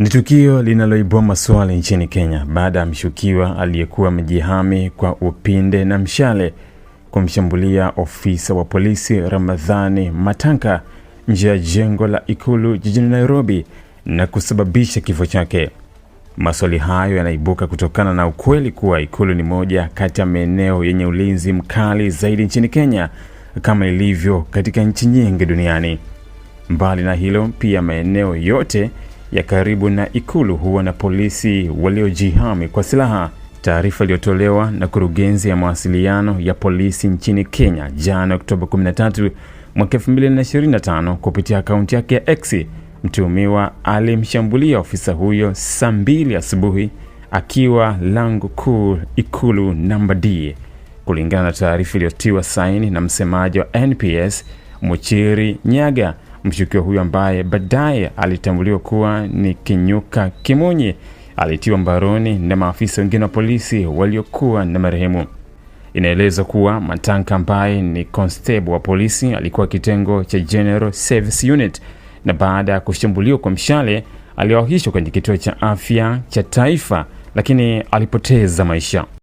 Ni tukio linaloibua maswali nchini Kenya baada ya mshukiwa aliyekuwa mjihami kwa upinde na mshale kumshambulia ofisa wa polisi Ramadhani Matanka nje ya jengo la Ikulu jijini Nairobi na kusababisha kifo chake. Maswali hayo yanaibuka kutokana na ukweli kuwa Ikulu ni moja kati ya maeneo yenye ulinzi mkali zaidi nchini Kenya kama ilivyo katika nchi nyingi duniani. Mbali na hilo, pia maeneo yote ya karibu na Ikulu huwa na polisi waliojihami kwa silaha. Taarifa iliyotolewa na Kurugenzi ya Mawasiliano ya Polisi nchini Kenya jana Oktoba 13 mwaka 2025 kupitia akaunti yake ya X, mtuhumiwa alimshambulia ofisa huyo saa mbili asubuhi akiwa lango kuu Ikulu namba D. Kulingana na taarifa iliyotiwa saini na msemaji wa NPS Muchiri Nyaga, Mshukiwa huyo ambaye baadaye alitambuliwa kuwa ni Kinyuka kimunyi alitiwa mbaroni na maafisa wengine wa polisi waliokuwa na marehemu. Inaelezwa kuwa Matanka ambaye ni constable wa polisi alikuwa kitengo cha General Service Unit, na baada ya kushambuliwa kwa mshale aliwahishwa kwenye kituo cha afya cha taifa, lakini alipoteza maisha.